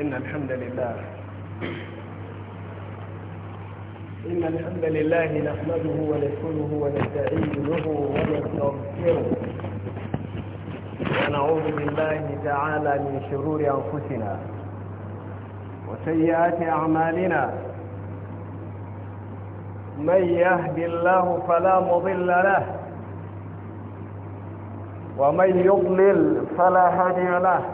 إن الحمد لله إن الحمد لله نحمده ونشكره ونستعينه ونستغفره ونعوذ بالله تعالى من شرور أنفسنا وسيئات أعمالنا من يهد الله فلا مضل له ومن يضلل فلا هادي له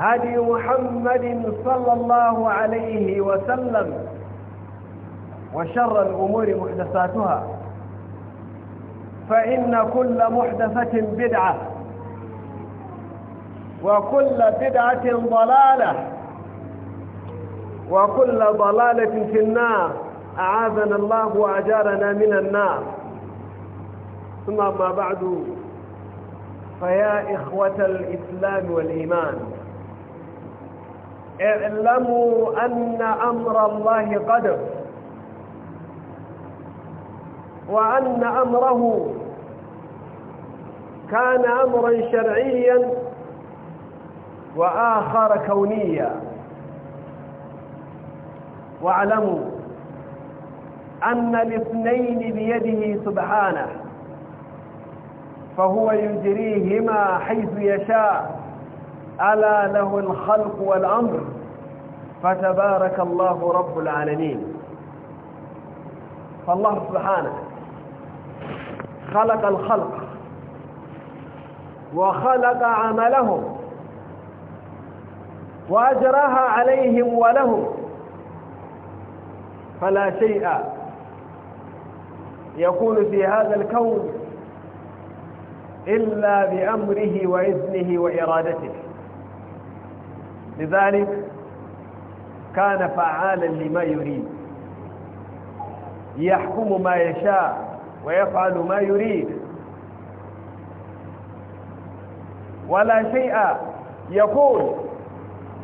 هدي محمد صلى الله عليه وسلم وشر الأمور محدثاتها فإن كل محدثة بدعة وكل بدعة ضلالة وكل ضلالة في النار أعاذنا الله وأجارنا من النار ثم ما بعد فيا إخوة الإسلام والإيمان اعلموا أن أمر الله قدر وأن أمره كان أمرا شرعيا وآخر كونيا واعلموا أن الاثنين بيده سبحانه فهو يجريهما حيث يشاء ألا له الخلق والأمر فتبارك الله رب العالمين فالله سبحانه خلق الخلق وخلق عملهم وأجراها عليهم ولهم فلا شيء يكون في هذا الكون إلا بأمره وإذنه وإرادته لذلك كان فعالا لما يريد يحكم ما يشاء ويفعل ما يريد ولا شيء يقول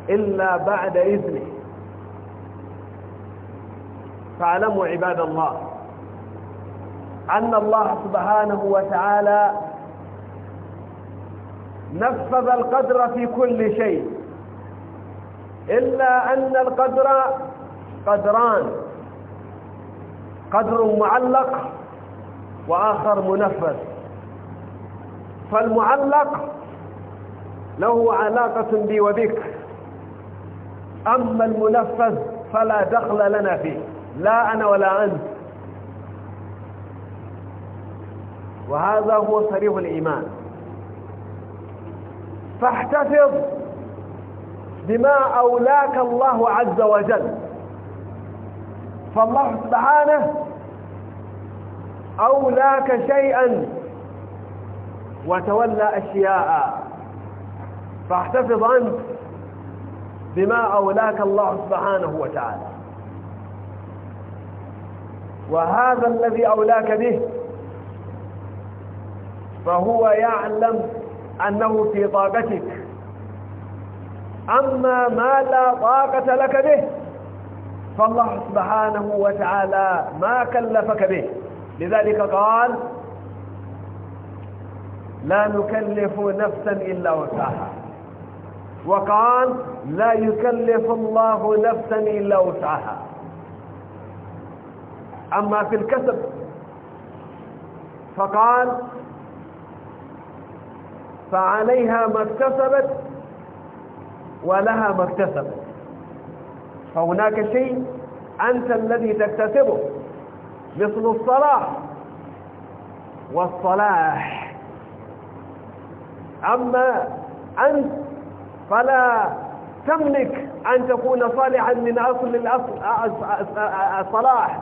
إلا بعد إذنه فاعلموا عباد الله أن الله سبحانه وتعالى نفذ القدر في كل شيء إلا أن القدر قدران قدر معلق وآخر منفذ فالمعلق له علاقة بي وبك أما المنفذ فلا دخل لنا فيه لا أنا ولا أنت وهذا هو صريح الإيمان فاحتفظ بما أولاك الله عز وجل فالله سبحانه أولاك شيئا وتولى أشياء فاحتفظ أنت بما أولاك الله سبحانه وتعالى وهذا الذي أولاك به فهو يعلم أنه في طاقتك أما ما لا طاقة لك به فالله سبحانه وتعالى ما كلفك به لذلك قال لا نكلف نفسا إلا وسعها وقال لا يكلف الله نفسا إلا وسعها أما في الكسب فقال فعليها ما اكتسبت ولها ما اكتسب فهناك شيء أنت الذي تكتسبه مثل الصلاح والصلاح أما أنت فلا تملك أن تكون صالحا من أصل الأصل الصلاح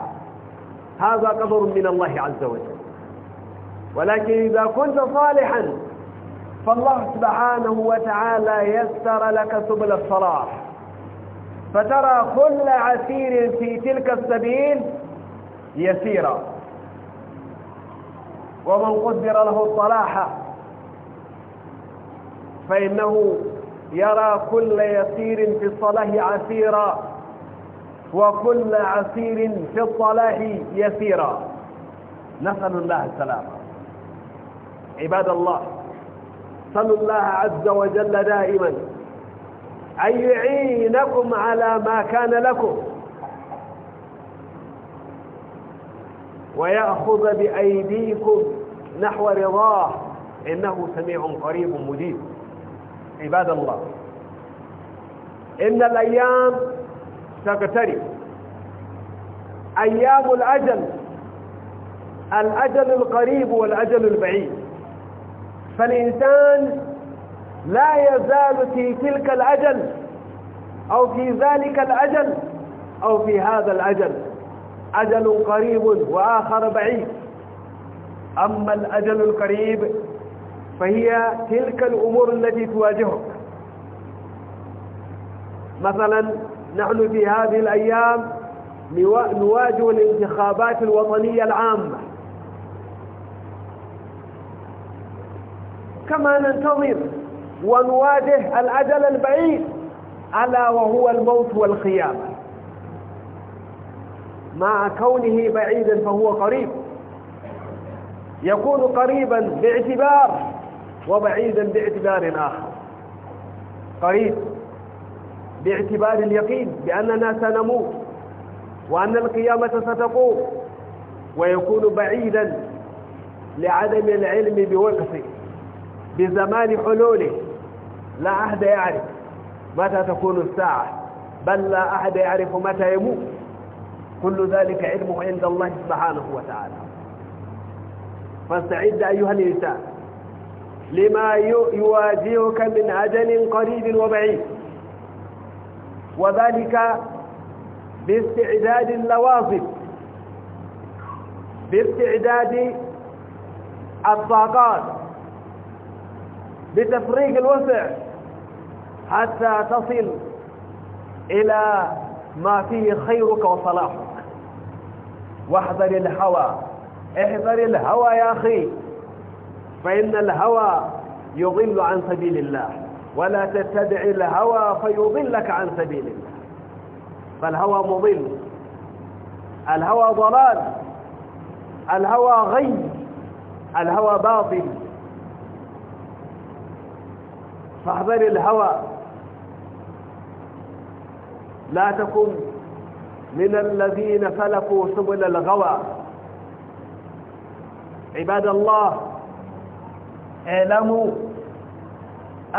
هذا قدر من الله عز وجل ولكن إذا كنت صالحا فالله سبحانه وتعالى يسر لك سبل الصلاح فترى كل عسير في تلك السبيل يسيرا ومن قدر له الصلاح فإنه يرى كل يسير في الصلاح عسيرا وكل عسير في الصلاح يسيرا نسأل الله السلامة عباد الله فاسألوا الله عز وجل دائما أن يعينكم على ما كان لكم ويأخذ بأيديكم نحو رضاه إنه سميع قريب مجيب عباد الله إن الأيام تقترب أيام الأجل الأجل القريب والأجل البعيد فالإنسان لا يزال في تلك الأجل أو في ذلك الأجل أو في هذا الأجل أجل قريب وآخر بعيد أما الأجل القريب فهي تلك الأمور التي تواجهك مثلا نحن في هذه الأيام نواجه الانتخابات الوطنية العامة كما ننتظر ونواجه الأجل البعيد ألا وهو الموت والقيامة مع كونه بعيدا فهو قريب يكون قريبا باعتبار وبعيدا باعتبار آخر قريب باعتبار اليقين بأننا سنموت وأن القيامة ستقوم ويكون بعيدا لعدم العلم بوقته بزمان حلوله لا أحد يعرف متى تكون الساعة بل لا أحد يعرف متى يموت كل ذلك علمه عند الله سبحانه وتعالى فاستعد أيها الإنسان لما يواجهك من أجل قريب وبعيد وذلك باستعداد اللوازم باستعداد الطاقات بتفريق الوسع حتى تصل إلى ما فيه خيرك وصلاحك واحذر الهوى احذر الهوى يا أخي فإن الهوى يضل عن سبيل الله ولا تتبع الهوى فيضلك عن سبيل الله فالهوى مضل الهوى ضلال الهوى غي الهوى باطل فاحذر الهوى لا تكن من الذين فلقوا سبل الغوى عباد الله اعلموا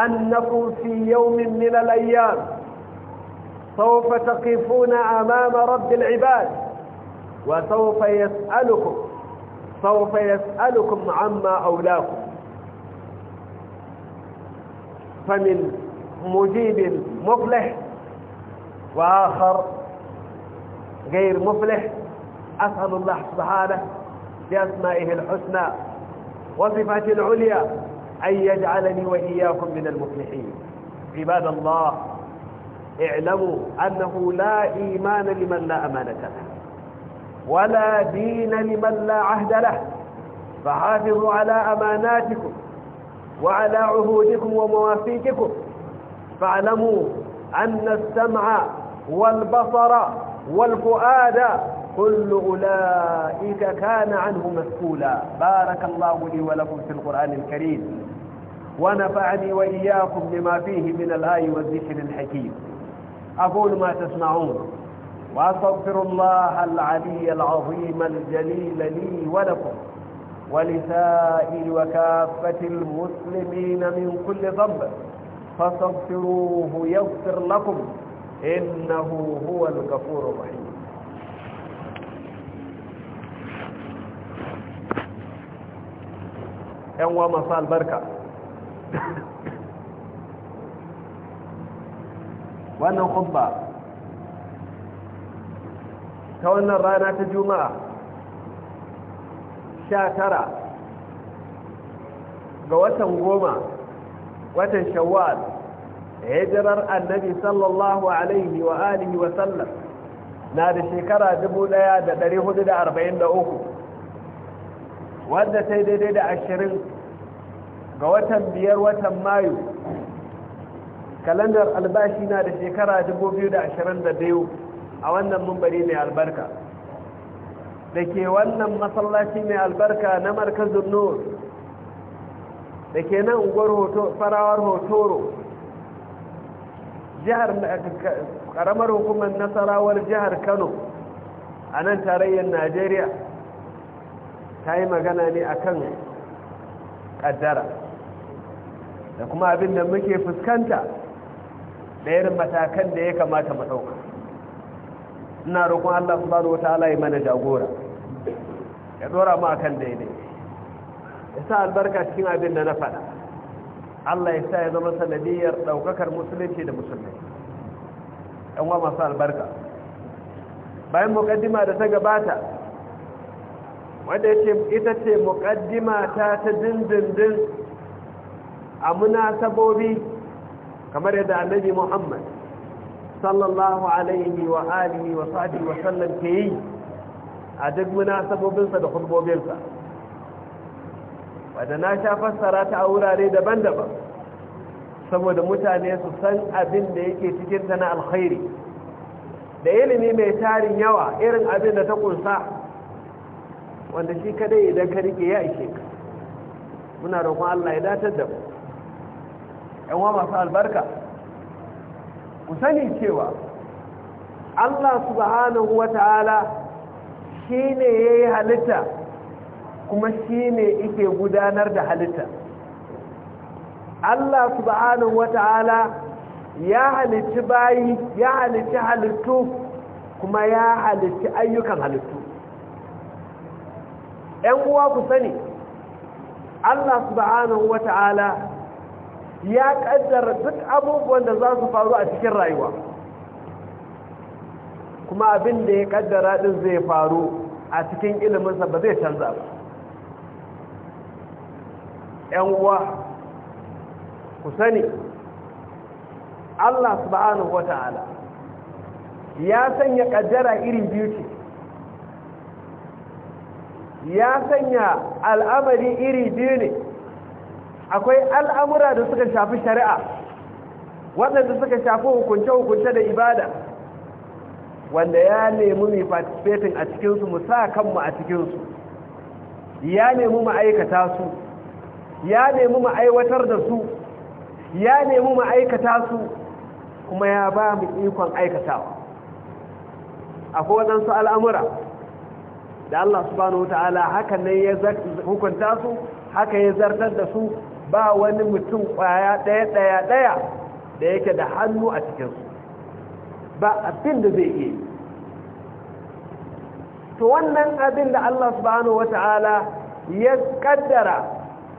أنكم في يوم من الأيام سوف تقفون أمام رب العباد وسوف يسألكم سوف يسألكم عما أولاكم فمن مجيب مفلح وآخر غير مفلح أسأل الله سبحانه بأسمائه الحسنى وصفاته العليا أن يجعلني وإياكم من المفلحين عباد الله اعلموا أنه لا إيمان لمن لا أمانة له ولا دين لمن لا عهد له فحافظوا على أماناتكم وعلى عهودكم ومواثيقكم فاعلموا أن السمع والبصر والفؤاد كل أولئك كان عنه مسؤولا بارك الله لي ولكم في القرآن الكريم ونفعني وإياكم بما فيه من الآي والذكر الحكيم أقول ما تسمعون وأستغفر الله العلي العظيم الجليل لي ولكم ولسائر وكافة المسلمين من كل ذنب فاستغفروه يغفر لكم إنه هو الغفور الرحيم yanwa masu albarka wannan kumba ta wannan rana ta juma'a sha tara ga watan goma watan shawwal hijirar annabi sallallahu alaihi wa alihi wa sallam na da shekara dubu da da uku, wadda sai daidai da ashirin ga watan biyar watan mayu kalandar albashi na da shekara dubu biyu da da a wannan mumbari mai albarka da ke wannan masallaci mai albarka na markazin nur da ke nan unguwar farawar hotoro jihar karamar hukumar nasarawar jihar kano a nan tarayyar najeriya ta yi magana ne a kan kaddara da kuma abin da muke fuskanta da irin matakan da ya kamata mu ɗauka ina roƙon allah subhanahu wa ta'ala ya mana jagora ya dora mu akan daidai ya sa albarka cikin abin da na faɗa Allah ya sa ya zama sanadiyar ɗaukakar musulunci da musulmai ɗan wa masu albarka bayan muƙaddima da ta gabata wadda ita ce muƙaddima ta ta dindindin a munasabobi kamar yadda annabi Muhammad sallallahu alaihi wa alihi wa sahbihi wa sallam ke yi a duk munasabobinsa da hulbobinsa wadda na sha fassara ta a wurare daban-daban saboda mutane su san abin da yake cikin ta na alkhairi da ilimi mai tarin yawa irin abin da ta kunsa wanda shi kadai idan ka rike ya ishe ka muna roƙon Allah ya datar da mu yan wa masu albarka ku sani cewa Allah subhanahu wa ta'ala shi ne ya yi halitta kuma shi ne ike gudanar da halitta Allah subhanahu wata'ala ya halitti bayi ya halitti halittu kuma ya halitti ayyukan halittu ‘yan uwa ku sani Allah subhanahu wata'ala ya ƙaddara duk abubuwan da za su faru a cikin rayuwa’ kuma abin da ya kaddara din zai faru a cikin iliminsa ba zai canza ba ‘yan uwa ku sani Allah subhanahu wa ta'ala ya sanya kaddara irin biyu ya sanya al'amari iri biyu ne akwai al'amura da suka shafi shari'a waɗanda suka shafi hukunce-hukunce da ibada wanda ya nemi mai participating a cikinsu mu sa kanmu a cikinsu ya nemi mu aikata su ya nemi mu da su ya nemi mu su kuma ya ba mu ikon aikatawa akwai waɗansu al'amura da Allah subhanahu wa ta'ala haka ne ya hukunta su haka ya zartar da su ba wani mutum ɗaya-ɗaya-ɗaya da yake da hannu a cikinsu ba abin da zai iya to wannan abin da Allah subhanahu wata'ala ya kaddara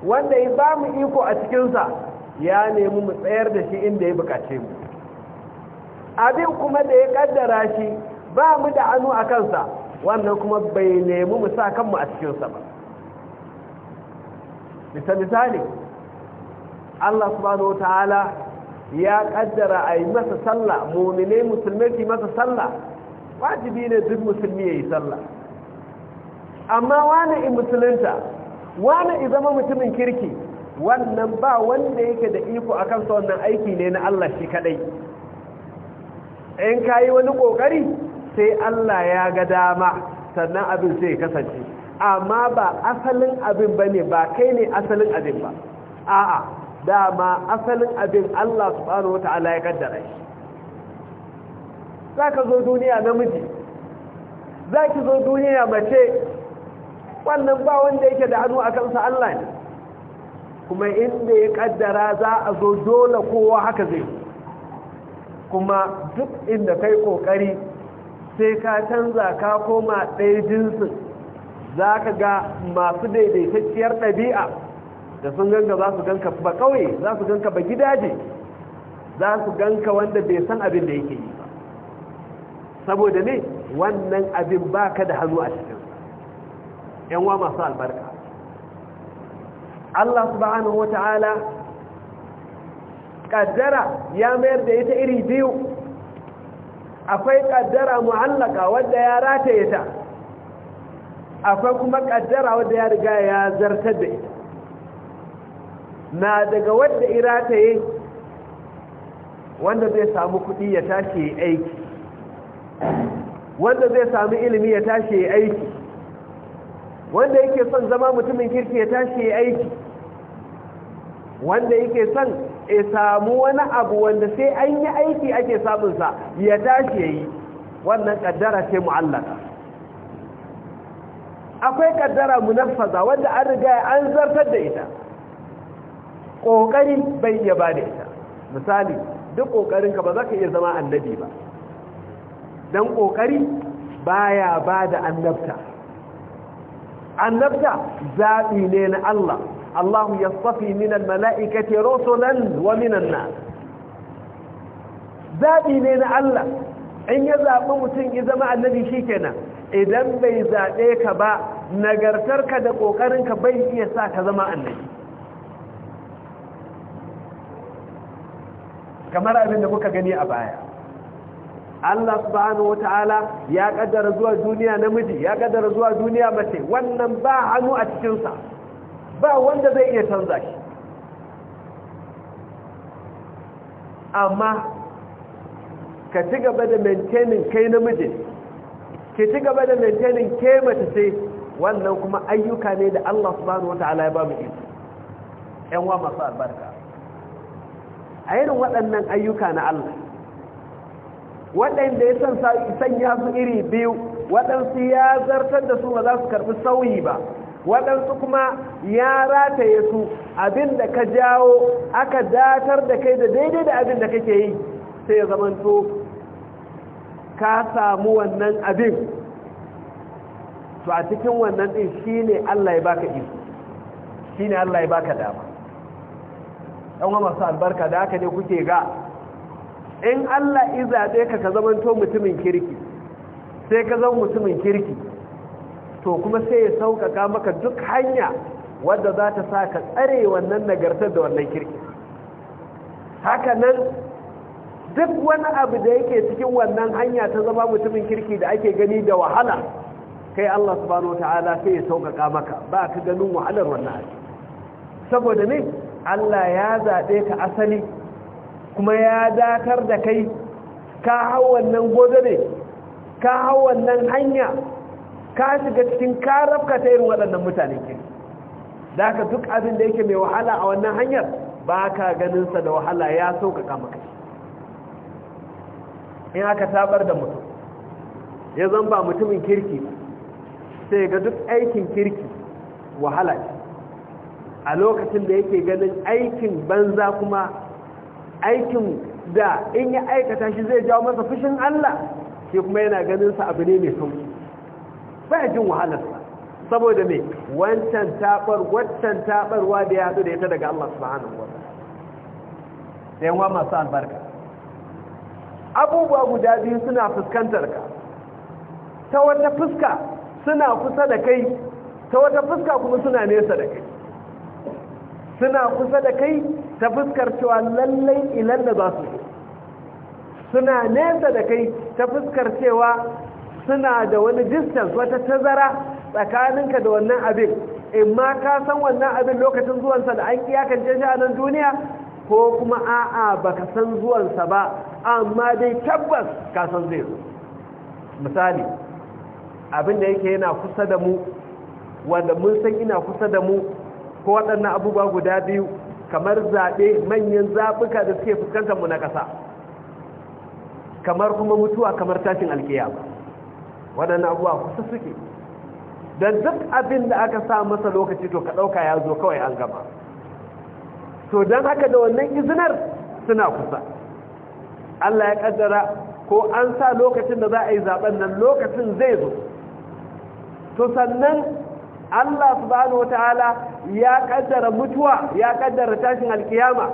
wanda ya ba mu iko a cikinsa ya nemi mu tsayar da shi inda ya bukace mu abin kuma da ya kaddara shi ba mu da anu a kansa wannan kuma bai nemi mu sa kanmu a cikinsa ba misali Allah subhanahu wata'ala ya kaddara a yi masa sallah mominai musulmai su masa sallah wajibi ne duk musulmi ya yi sallah amma wani in musulunta wani in zama mutumin kirki wannan ba wanda yake da iko a kansa wannan aiki ne na Allah shi kadai in ka yi wani kokari sai Allah ya ga dama sannan abin sai kasance amma ba asalin abin ba ne ba kai ne asalin abin ba a'a dama asalin abin Allah subhanahu wata'ala ya kaddara shi zaka zo duniya namiji zaki zo duniya mace wannan ba wanda yake da hannu a kansa Allah ne kuma inda ya kaddara za a zo dole kowa haka zai kuma duk inda kai kokari sai ka canza ka koma ɗaya jinsin za ka ga masu daidaitacciyar ɗabi'a da sun ganga za su ganka ba kauye za su ganka ba gidaje za su ganka wanda bai san abin da yake yi ba saboda ne wannan abin baka da hannu a cikin yan masu albarka Allah subhanahu wata'ala kaddara ya mayar da ita iri biyu akwai kaddara mu'allaka wadda ya rataye ta akwai kuma ƙaddara wadda ya riga ya zartar da ita na daga wanda yi wanda zai samu kuɗi ya tashi ya aiki wanda zai samu ilimi ya tashi ya aiki wanda yake son zama mutumin kirki ya tashi ya aiki wanda yake son ya samu wani abu wanda sai an yi aiki ake samunsa ya tashi ya yi wannan kaddara ce mu'allaka akwai kaddara munafaza wanda an riga an zartar da ita ƙoƙari bai iya ba da ita misali duk ƙoƙarinka ba za ka iya zama annabi ba don ƙoƙari baya ba da annabta annabta zaɓi ne na Allah Allahu ya safi minan mala'ikati rusulan wa minan na zaɓi ne na Allah in ya zaɓi mutum ya zama annabi shikenan idan bai zaɓe ka ba nagartarka da ƙoƙarinka bai iya sa ka zama annabi kamar abin da kuka gani a baya Allah subhanahu wata'ala ya kaddara zuwa duniya namiji ya kaddara zuwa duniya mace wannan ba hannu a cikinsa ba wanda zai iya canza shi amma ka ci gaba da maintaining kai namiji ki ci gaba da maintaining ke mace sai wannan kuma ayyuka ne da Allah subhanahu wata'ala ya ba mu iko ƴan wa masu albarka a irin waɗannan ayyuka na Allah waɗanda ya san sanya su iri biyu waɗansu ya zartar da su ba za su karɓi sauyi ba waɗansu kuma ya rataye su abin da ka jawo aka datar da kai da daidai da abin da kake yi sai ya zamanto ka samu wannan abin to a cikin wannan ɗin shi ne Allah ya baka iko shi Allah ya baka dama ɗan wa masu albarka da aka ne kuke ga in Allah izaɓe ka ka zamanto mutumin kirki sai ka zama mutumin kirki to kuma sai ya sauƙaƙa maka duk hanya wadda za ta sa ka tsare wannan nagartar da wannan kirki haka nan duk wani abu da yake cikin wannan hanya ta zama mutumin kirki da ake gani da wahala kai Allah subhanahu ta'ala sai ya sauƙaƙa maka ba ka ganin wahalar wannan abu saboda ne Allah ya zaɓe ka asali kuma ya dakar da kai ka hau wannan godare ka hau wannan hanya ka shiga cikin karafka ta irin waɗannan mutane ke da ka duk abin da yake mai wahala a wannan hanyar ba ka ganinsa da wahala ya sauƙaƙa maka in aka tabar da mutum ya zan ba mutumin kirki sai ga duk aikin kirki wahala ce a lokacin da yake ganin aikin banza kuma aikin da in ya aikata shi zai jawo masa fushin Allah shi kuma yana ganin sa abu ne mai sauki ba jin wahalarsa saboda me wancan tabar wancan tabarwa da ya zo da ita daga Allah subhanahu wa ta'ala sai wannan masu albarka abubuwa guda biyu suna fuskantar ka ta wata fuska suna kusa da kai ta wata fuska kuma suna nesa da kai suna kusa da kai ta fuskar cewa lallai ilan da za su suna nesa da kai ta fuskar cewa suna da wani distance wata tazara tsakaninka da wannan abin in ma ka san wannan abin lokacin zuwansa da an iyakance shi a nan duniya ko kuma a'a ka san zuwansa ba amma dai tabbas ka san zai zo misali abin da yake yana kusa da mu wanda mun san ina kusa da mu ko waɗannan abubuwa guda biyu kamar zaɓe manyan zaɓuka da suke fuskantar mu na ƙasa kamar kuma mutuwa kamar tashin alkiyama waɗannan abubuwa kusa suke Da duk abin da aka sa masa lokaci to ka ɗauka ya zo kawai an gaba to don haka da wannan izinar suna kusa Allah ya ƙaddara ko an sa lokacin da za a yi zaɓen nan lokacin zai zo to sannan Allah subhanahu hala ya kaddara mutuwa ya kaddara tashin alkiyama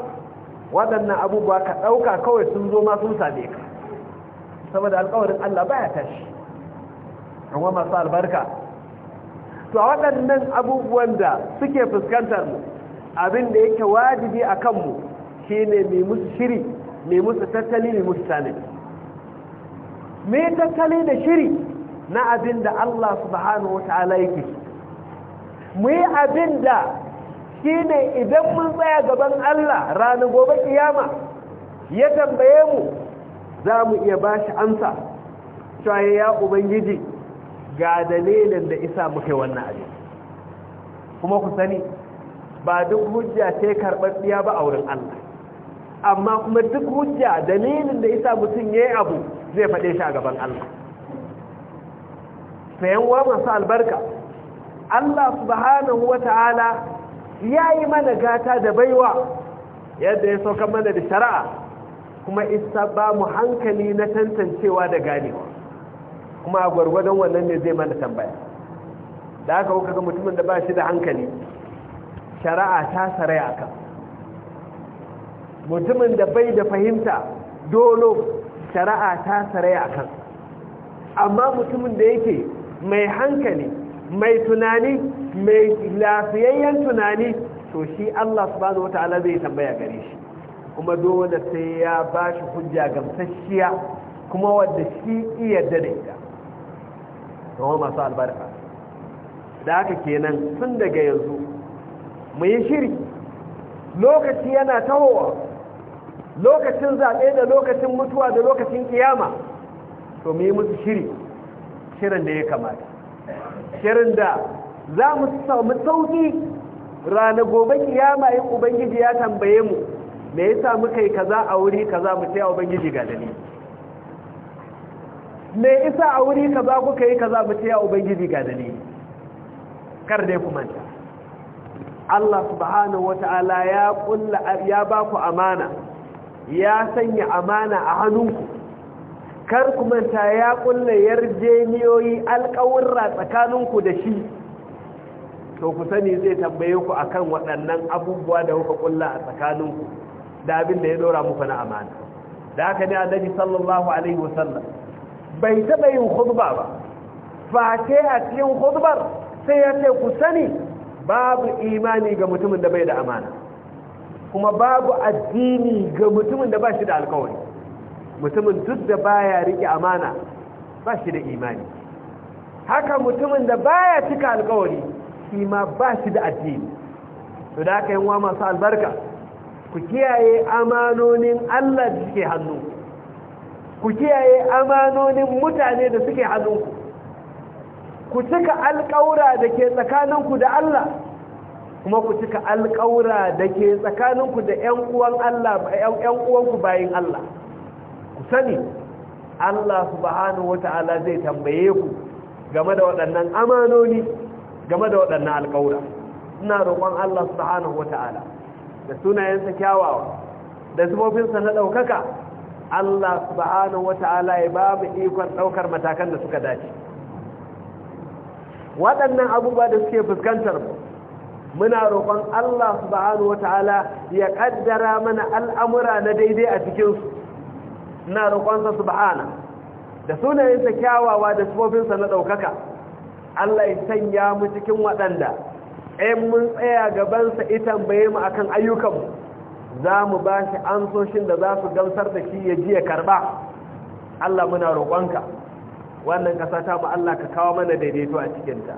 waɗannan abubuwa ka ɗauka kawai sun zo ma sun same ka saboda alkawarin Allah baya tashi ma masu albarka to a waɗannan abubuwan da suke fuskantar mu abin da yake wajibi a kanmu shine mai musu shiri mai musu tattali mai musu mai tattali da shiri na abin da Allah subhanahu wa ta'ala yake shi mu yi abin da shi ne idan mun tsaya gaban Allah ranar gobe kiyama ya tambaye mu za mu iya ba shi amsa cewa ya ubangiji ga dalilin da isa muke wannan abin kuma ku sani ba duk hujja ce ɗiya ba a wurin Allah amma kuma duk hujja dalilin da isa mutum ya yi abu zai faɗe shi a gaban Allah sayan wa masu albarka Allah subhanahu wa ta'ala ya yi mana gata da baiwa yadda ya sauka mana da shari'a kuma isa ba mu hankali na tantancewa da ganewa kuma a gwargwadon wannan ne zai mana tambaya da aka kuka ga mutumin da ba shi da hankali shari'a ta sarai a kan mutumin da bai da fahimta dolo shari'a ta sarai a kan amma mutumin da yake mai hankali mai tunani mai lafiyayyen tunani to shi Allah subhanahu wata'ala zai tambaya gare shi kuma dole sai ya ba shi hujja gamsasshiya kuma wadda shi iya daidaita kuma masu albarka da haka kenan tun daga yanzu mu yi shiri lokaci yana tawowa lokacin zaɓe da lokacin mutuwa da lokacin kiyama to mu yi musu shiri shirin da ya kamata shirin da za mu samu sauki ranar gobe kiyama yin ubangiji ya tambaye mu me yasa muka yi kaza a wuri kaza mu ce a ubangiji ga dani me yasa a wuri kaza kuka yi kaza mu ce a ubangiji ga dani kar dai ku manta Allah subhanahu wata'ala ya kulla ya ba ku amana ya sanya amana a hannunku kar ku manta ya kulla yarjeniyoyi alƙawurra tsakaninku da shi to ku sani zai tambaye ku akan waɗannan abubuwa da kuka kulla a tsakaninku da abin da ya dora muku na amana da haka ne annabi sallallahu alaihi wasallam bai taɓa yin khutba ba face a cikin khutbar sai ya ce ku sani babu imani ga mutumin da bai da amana kuma babu addini ga mutumin da ba shi da alƙawari. mutumin duk da baya rike amana ba shi da imani haka mutumin da baya cika alkawari shi ma ba shi da addini to da aka yi wa masu albarka ku kiyaye amanonin Allah da suke hannu ku kiyaye amanonin mutane da suke hannunku ku cika alƙawura da ke tsakaninku da Allah kuma ku cika alƙawura da ke tsakaninku da 'yan uwan Allah 'yan uwanku bayin Allah sani Allah subhanahu wata'ala zai tambaye ku game da waɗannan amanoni game da waɗannan alƙawura ina roƙon Allah subhanahu wata'ala da sunayensa kyawawa da zubofinsa na ɗaukaka Allah subhanahu wata'ala ya ba mu ikon ɗaukar matakan da suka dace waɗannan abubuwa da suke fuskantar mu muna roƙon Allah subhanahu wata'ala ya ƙaddara mana al'amura na daidai a cikinsu ina roƙonsa subhana da sunayensa kyawawa da sifofinsa na ɗaukaka Allah ya sanya mu cikin waɗanda ɗayan mun tsaya gabansa ita tambaye mu akan ayyukanmu za mu ba shi ansoshin da za su gamsar da shi ya ji ya karɓa Allah muna roƙonka wannan ƙasa ta mu Allah ka kawo mana daidaito a cikinta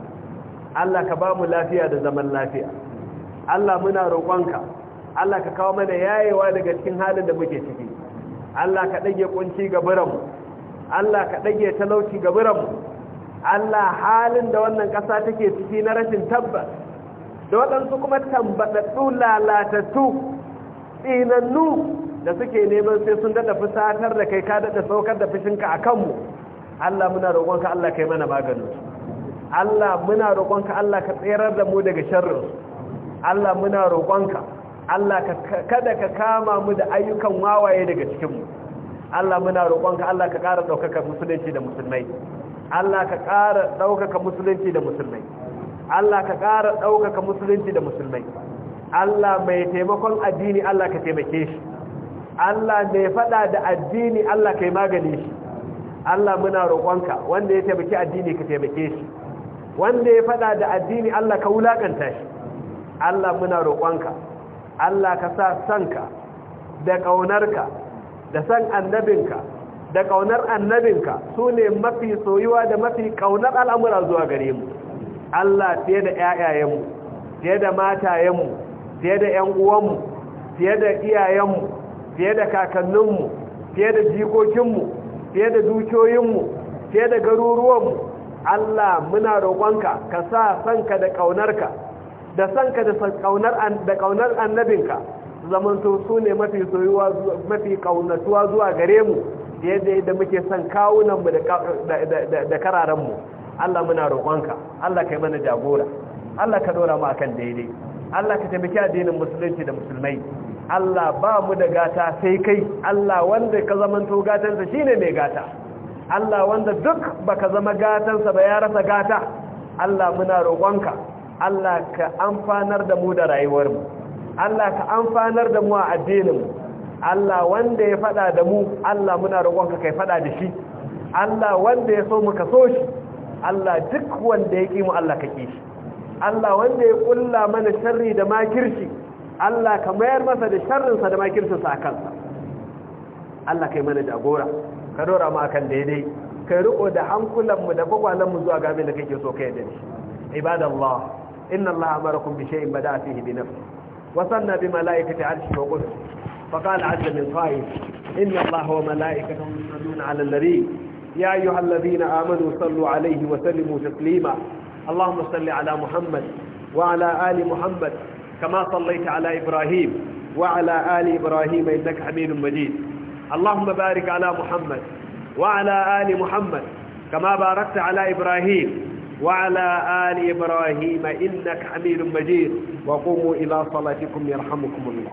Allah ka ba mu lafiya da zaman lafiya Allah muna roƙonka Allah ka kawo mana yayewa daga cikin halin da muke ciki Allah ka ɗage ƙunci ga biranmu Allah ka ɗage talauci ga biranmu Allah halin da wannan ƙasa take ciki na rashin tabbas da waɗansu kuma tambaɗaɗɗu lalatattu tsinannu da suke neman sai sun daɗa fusatar da kai ka daɗa saukar da fushinka a kanmu Allah muna roƙonka Allah ka yi mana maganin Allah muna roƙonka Allah ka tserar da mu daga sharrin Allah muna roƙonka Allah kada ka kama mu da ayyukan wawaye daga cikinmu Allah muna roƙonka Allah ka ƙara ɗaukaka musulunci da musulmai Allah ka ƙara ɗaukaka musulunci da musulmai Allah ka ƙara ɗaukaka musulunci da musulmai Allah mai taimakon addini Allah ka taimake shi Allah mai faɗa da addini Allah ka yi magani shi Allah muna roƙonka wanda ya taimaki addini ka taimake shi wanda ya faɗa da addini Allah ka wulaƙanta shi Allah muna roƙonka Allah ka sa sanka da ƙaunarka da san annabinka da ƙaunar annabinka su ne mafi soyuwa da mafi ƙaunar al'amura zuwa gare mu Allah fiye da ‘ya'yayenmu fiye da matayenmu fiye da ‘yan uwanmu fiye da iyayenmu fiye da kakanninmu fiye da jikokinmu fiye da dukiyoyinmu fiye da garuruwanmu Allah muna roƙonka ka sa sanka da ƙaunarka da sanka da kaunar annabinka zamanto su ne mafi soyuwa mafi kaunatuwa zuwa gare mu yadda yadda muke son kawunanmu da kararanmu Allah muna roƙonka Allah kai mana jagora Allah ka dora mu akan daidai Allah ka taimaki addinin musulunci da musulmai Allah ba mu da gata sai kai Allah wanda ka zamanto gatansa shine mai gata Allah wanda duk baka zama gatansa ba ya rasa gata Allah muna roƙonka Allah ka amfanar da mu da rayuwarmu Allah ka amfanar da mu a addininmu Allah wanda ya fada da mu Allah muna roƙonka kai fada da shi Allah wanda ya so mu ka so shi Allah duk wanda ya ƙi mu Allah ka kishi shi Allah wanda ya kulla mana sharri da makirci Allah ka mayar masa da sharrinsa da makircinsa a kansa Allah kai mana jagora ka dora mu akan daidai kai riko da hankulanmu da gwagwalanmu zuwa ga abin da kake so kai da shi ibadallah إن الله أمركم بشيء بدأ فيه بنفسه وصلنا بملائكة عرش وقلت فقال عز من قائل إن الله وملائكته يصلون على النبي يا أيها الذين آمنوا صلوا عليه وسلموا تسليما اللهم صل على محمد وعلى آل محمد كما صليت على إبراهيم وعلى آل إبراهيم إنك حميد مجيد اللهم بارك على محمد وعلى آل محمد كما باركت على إبراهيم وعلى آل إبراهيم إنك حميد مجيد وقوموا إلى صلاتكم يرحمكم الله